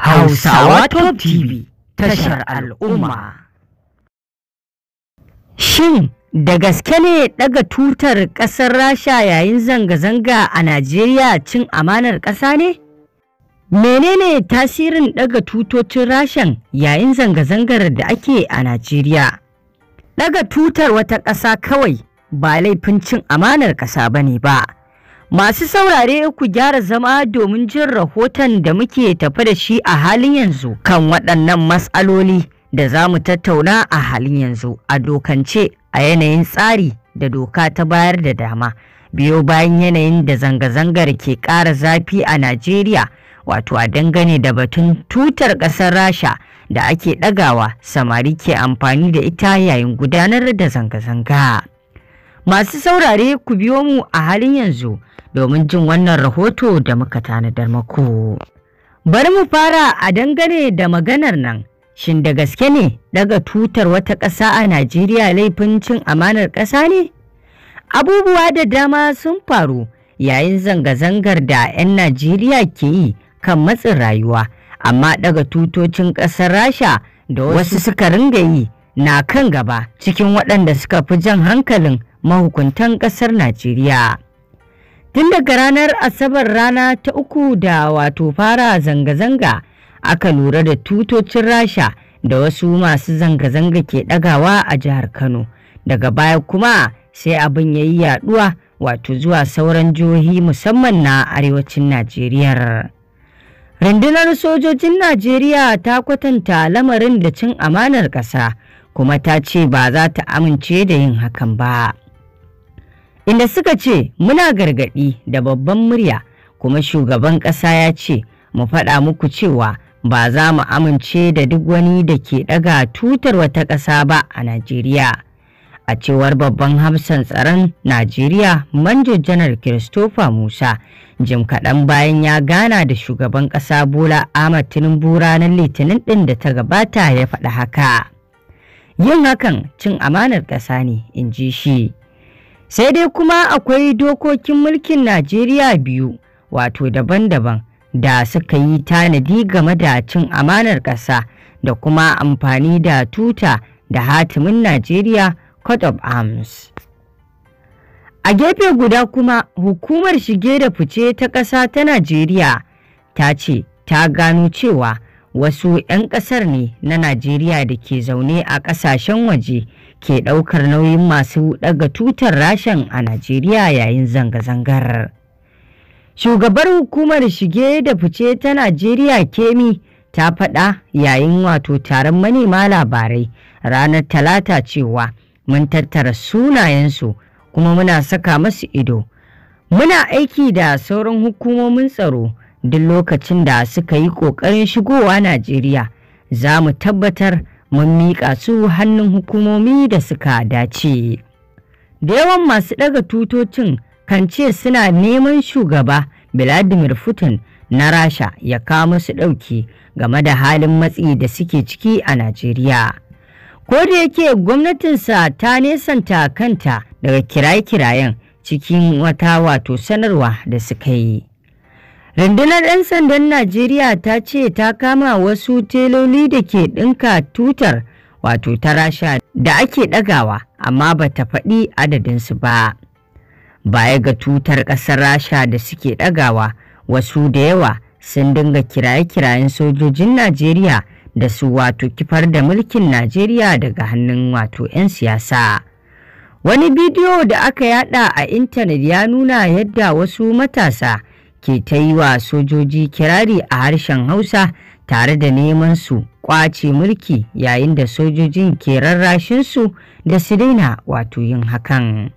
Hausawa Top TV tashar al'umma. Shin da gaske ne daga tutar ƙasar Rasha yayin zanga-zanga a Najeriya cin amanar ƙasa ne? Menene tasirin daga tutocin Rashan yayin zanga-zangar da ake a Najeriya? Daga tutar wata ƙasa kawai ba laifin cin amanar ƙasa bane ba. Masu saurare ku gyara zama domin jin rahoton da muke tafi da shi a halin yanzu kan waɗannan matsaloli da za mu tattauna a halin yanzu a dokance a yanayin tsari da doka ta bayar da dama biyo bayan yanayin da zanga-zangar ke ƙara zafi a Najeriya wato a dangane da batun tutar ƙasar Rasha da ake ɗagawa samari ke amfani da ita yayin gudanar da zanga-zanga. Masu saurare ku biyo mu a halin yanzu domin jin wannan rahoto da muka tanadar mako. Bari mu fara a dangane da maganar nan. Shin da gaske ne daga tutar wata ƙasa a Najeriya laifin cin amanar ƙasa ne? Abubuwa da dama sun faru yayin zanga-zangar da 'yan Najeriya ke yi kan matsin rayuwa, amma daga tutocin ƙasar Rasha da wasu suka ringa yi na kan gaba cikin waɗanda suka fi jan hankalin mahukuntan ƙasar Najeriya. Tun daga ranar Asabar rana ta uku da wato fara zanga-zanga aka lura da tutocin Rasha da wasu masu zanga-zanga ke ɗagawa a jihar Kano. Daga baya kuma sai abin ya yi yaɗuwa wato zuwa sauran jihohi musamman na arewacin Najeriya. Rundunar sojojin Najeriya ta kwatanta lamarin da cin amanar ƙasa kuma ta ce ba za ta amince da yin hakan ba. inda suka ce muna gargaɗi da babban murya kuma shugaban ƙasa ya ce mu faɗa muku cewa ba za mu amince da duk wani da ke ɗaga tutar wata ƙasa ba a Najeriya. A cewar babban hafsan tsaron Najeriya Manjo Janar Christopher Musa, jim kaɗan bayan ya gana da shugaban ƙasa Bola Ahmad Tinubu ranar Litinin ɗin da ta gabata ya faɗa haka. Yin hakan cin amanar ƙasa ne, in ji shi. sai dai kuma akwai dokokin mulkin najeriya biyu wato daban-daban da suka yi tanadi game da cin amanar ƙasa da kuma amfani da tuta da hatimin najeriya court of arms a gefe guda kuma hukumar shige da fice ta ƙasa ta najeriya ta ce ta gano cewa wasu 'yan ƙasar ne na najeriya da ke zaune a ƙasashen waje ke ɗaukar nauyin masu ɗaga tutar rashen a Najeriya yayin zanga-zangar. Shugabar hukumar shige da fice ta Najeriya Kemi ta faɗa yayin wato taron manema labarai ranar talata cewa mun tattara sunayensu kuma muna saka masu ido. Muna aiki da sauran hukumomin tsaro duk lokacin da suka yi ƙoƙarin shigowa Najeriya za mu tabbatar mun miƙa su hannun hukumomi da suka dace. Da yawan masu ɗaga tutocin kan ce suna neman shugaba Vladimir Putin na Rasha ya kama su ɗauki game da halin matsi da suke ciki a Najeriya. Ko da yake gwamnatinsa ta nesanta kanta daga kiraye-kirayen cikin wata wato sanarwa da suka yi. Rundunar 'yan sandan Najeriya ta ce ta kama wasu teloli da ke ɗinka tutar wato tarasha da ake ɗagawa amma ba ta faɗi adadinsu ba. Baya ga tutar ƙasar Rasha da suke ɗagawa wasu da yawa sun dinga kiraye-kirayen sojojin Najeriya da su wato kifar da mulkin Najeriya daga hannun wato 'yan siyasa. Wani bidiyo da aka yada a intanet ya nuna yadda wasu matasa ke ta yi wa sojoji kirari a harshen Hausa tare da neman su kwace mulki yayin da sojojin ke rarrashinsu da su daina wato yin hakan.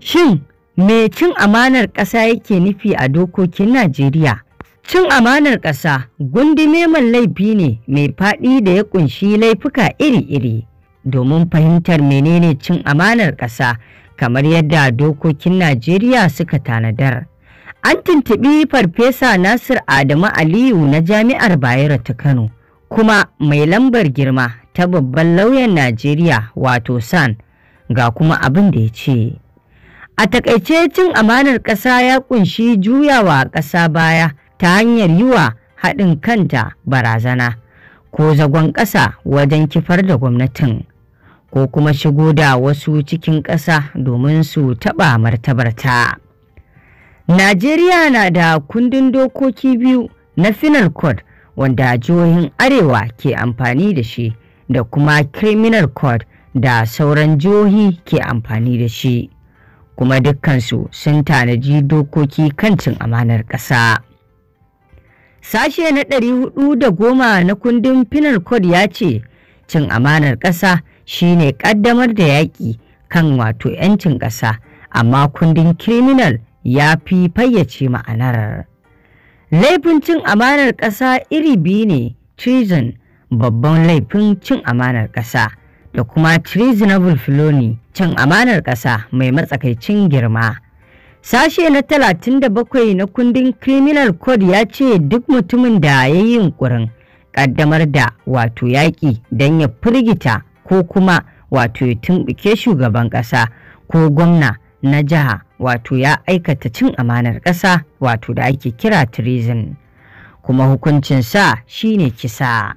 Shin me cin amanar ƙasa yake nufi a dokokin Najeriya? Cin amanar ƙasa gundi neman laifi ne mai faɗi da ya ƙunshi laifuka iri-iri. Domin fahimtar menene cin amanar ƙasa kamar yadda dokokin Najeriya suka tanadar. An tuntuɓi Farfesa Nasir Adamu Aliyu na Jami'ar Bayero ta Kano, kuma mai lambar girma ta babban lauyan Najeriya wato SAN ga kuma abin da ya ce. A takaice cin amanar ƙasa ya kunshi juyawa ƙasa baya ta hanyar yiwa haɗin kanta barazana ko zagon ƙasa wajen kifar da gwamnatin ko kuma shigo da wasu cikin ƙasa domin su taɓa martabarta. Najeriya na da kundin dokoki biyu na Penal Code wanda jihohin Arewa ke amfani da shi da kuma Criminal Code da sauran jihohi ke amfani da shi. Kuma dukkansu sun tanaji dokoki kan cin amanar ƙasa. Sashe na ɗari da hudu goma na kundin Penal Code ya ce cin amanar ƙasa ne ƙaddamar da yaƙi kan wato 'yancin ƙasa amma kundin criminal ya fi fayyace ma'anar. Laifin cin amanar ƙasa iri biyu ne treason babban laifin cin amanar ƙasa da kuma treasonable felony cin amanar ƙasa mai matsakaicin girma. Sashe na talatin da bakwai na kundin Criminal Code ya ce duk mutumin da ya yi yunkurin ƙaddamar da wato yaƙi don ya firgita ko kuma wato ya tumɓuke shugaban ƙasa ko gwamna na jiha wato ya aikata cin amanar ƙasa wato da ake kira treason kuma hukuncinsa shine kisa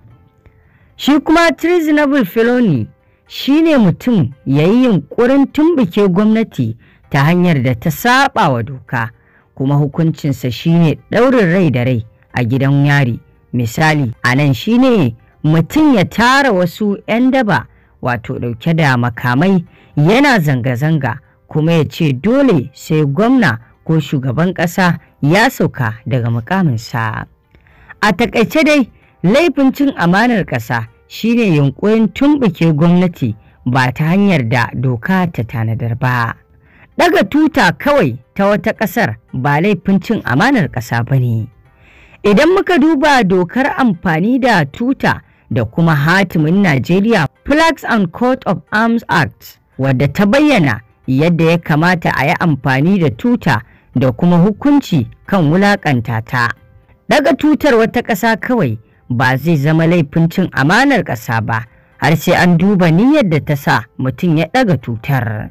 shi kuma treasonable felony shine mutum ya yi yunkurin tumbuke gwamnati ta hanyar da ta saba wa doka kuma hukuncinsa shine ɗaurin rai da rai a gidan yari misali a nan shine mutum ya tara wasu 'yan daba wato ɗauke da makamai yana zanga-zanga kuma ya ce dole sai gwamna ko shugaban ƙasa ya sauka daga mukaminsa. A takaice dai laifin cin amanar ƙasa shine yunkurin tumbuke gwamnati ba ta hanyar da doka ta tanadar ba. Daga tuta kawai ta wata ƙasar ba laifin cin amanar ƙasa ba ne. Idan muka duba dokar amfani da tuta da kuma hatimin Najeriya Flags and Coat of Arms Act wadda ta bayyana yadda ya kamata a yi amfani da tuta da kuma hukunci kan wulaƙanta ta. Daga tutar wata ƙasa kawai ba zai zama laifin cin amanar ƙasa ba, har sai an duba niyyar da ta sa mutum ya ɗaga tutar.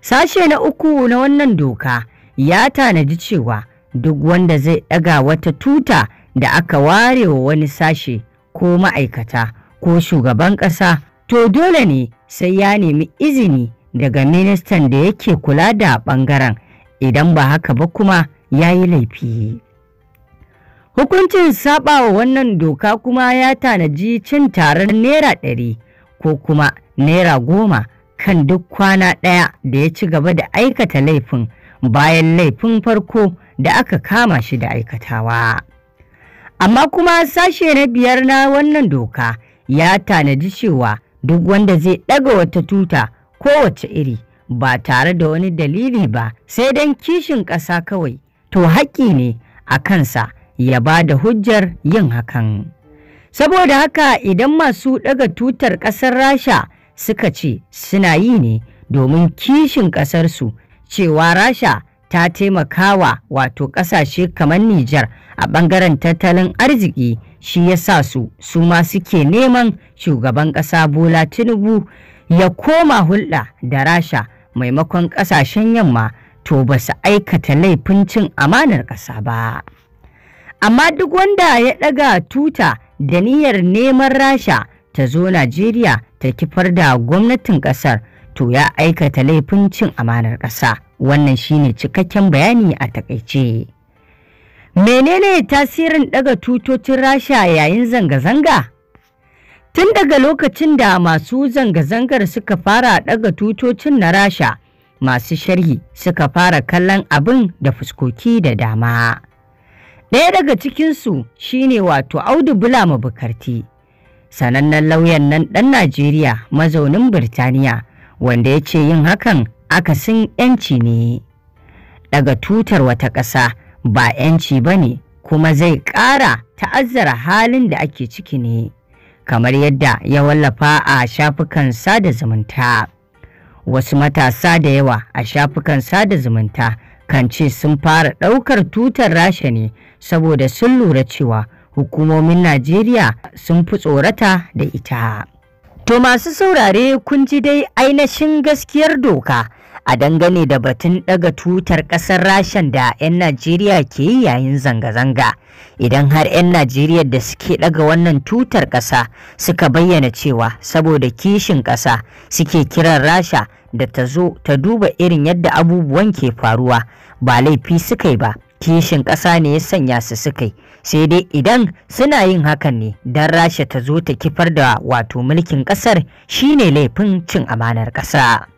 Sashe na uku na wannan doka ya tanadi cewa duk wanda zai ɗaga wata tuta da aka ware wa wani sashe ko ma'aikata ko shugaban ƙasa to dole ne sai ya nemi izini daga ministan da yake kula da ɓangaren idan ba haka ba kuma ya yi laifi. Hukuncin saba wannan doka kuma ya tanaji cin taron naira ɗari ko kuma naira goma kan duk kwana ɗaya da ya ci gaba da aikata laifin bayan laifin farko da aka kama shi da aikatawa. Amma kuma sashe na biyar na wannan doka ya tanaji cewa duk wanda zai ɗaga wata tuta kowace iri ba tare da wani dalili ba sai don kishin ƙasa kawai to haƙƙi ne a kansa ya ba da hujjar yin hakan. Saboda haka idan masu ɗaga tutar ƙasar Rasha suka ce suna yi ne domin kishin ƙasarsu cewa Rasha ta taimakawa wato ƙasashe kamar Nijar a ɓangaren tattalin arziki shi ya sa su su ma suke neman shugaban ƙasa Bola Tinubu ya koma hulɗa da rasha maimakon ƙasashen yamma to ba su aikata laifin cin amanar ƙasa ba. Amma duk wanda ya ɗaga tuta da niyyar neman rasha ta zo Najeriya ta kifar da gwamnatin ƙasar to ya aikata laifin cin amanar ƙasa. Wannan shine cikakken bayani a takaice. Menene tasirin ɗaga tutocin rasha yayin zanga-zanga? Tun daga lokacin da masu zanga-zangar suka fara daga tutocin na Rasha, masu sharhi suka fara kallon abin da fuskoki da dama. Ɗaya daga cikinsu shine wato Audu Bula Bukarti, sanannen lauyan nan ɗan Najeriya mazaunin Birtaniya, wanda ya ce yin hakan akasin 'yanci ne. Daga tutar wata ƙasa ba 'yanci ba ne kuma zai ƙara ta'azzara halin da ake ciki ne. kamar yadda ya wallafa a shafukan sada zumunta. Wasu matasa da yawa a shafukan sada zumunta kan ce sun fara ɗaukar tutar rasha ne saboda sun lura cewa hukumomin Najeriya sun fi tsorata da ita. To masu saurare kun ji dai ainihin gaskiyar doka a dangane da batun daga tutar kasar rashen da 'yan najeriya ke yi yayin zanga-zanga idan har 'yan najeriya da suke daga wannan tutar kasa suka bayyana cewa saboda kishin kasa suke kiran rasha da ta zo ta duba irin yadda abubuwan ke faruwa ba laifi suka yi ba kishin ƙasa ne ya sanya su suka sai dai idan suna yin hakan ne don rasha ta zo ta kifar da wato mulkin ƙasar shine laifin cin amanar ƙasa.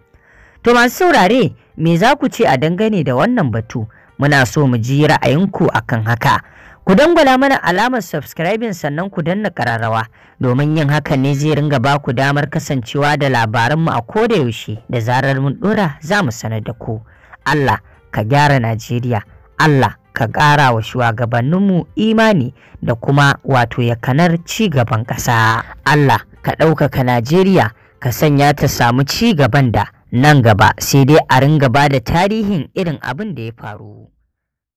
To masu saurare me za ku ce a dangane da wannan batu muna so mu ji ra'ayinku akan haka. Ku dangwala mana alamar subscribing sannan ku danna kararrawa domin yin hakan ne zai ringa ba ku damar kasancewa da labaranmu a koda yaushe da zarar mun dora za mu sanar da ku. Allah ka gyara Najeriya, Allah ka ƙara wa shugabanninmu imani da kuma wato ya kanar ci gaban ƙasa. Allah ka ɗaukaka Najeriya ka sanya ta samu ci gaban da nan gaba sai dai a ringa ba da tarihin irin abin da ya faru